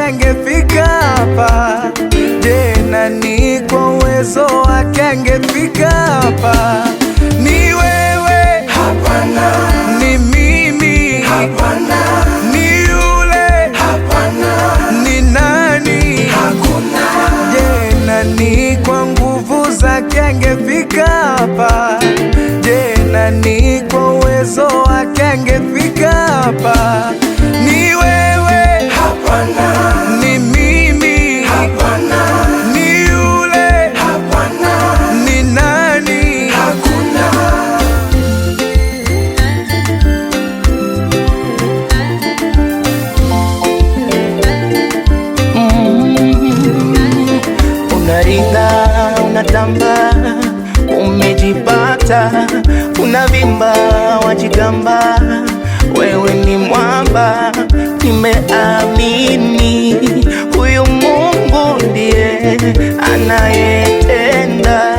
angefika hapa? Je, nani kwa uwezo wake angefika hapa? Ni wewe? Hapana. Ni mimi? Hapana. Ni yule? Hapana. Ni nani? Hakuna. Je, nani kwa nguvu zake angefika hapa? Je, nani kwa uwezo wake angefika hapa? Ila unatamba umejipata, vimba wajigamba, wewe ni mwamba. Nimeamini huyu Mungu ndiye anayetenda,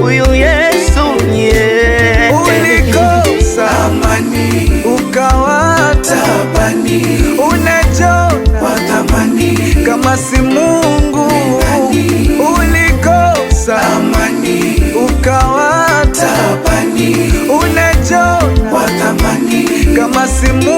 huyu Yesu ndiye. Ulikosa amani ukawa tabani, kama si Mungu wakawata unajona watamani kama simu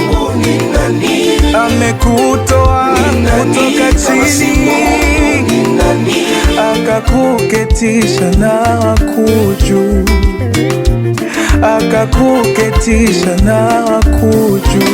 amekutoa kutoka chini akakuketisha na wakuju akakuketisha na wakuju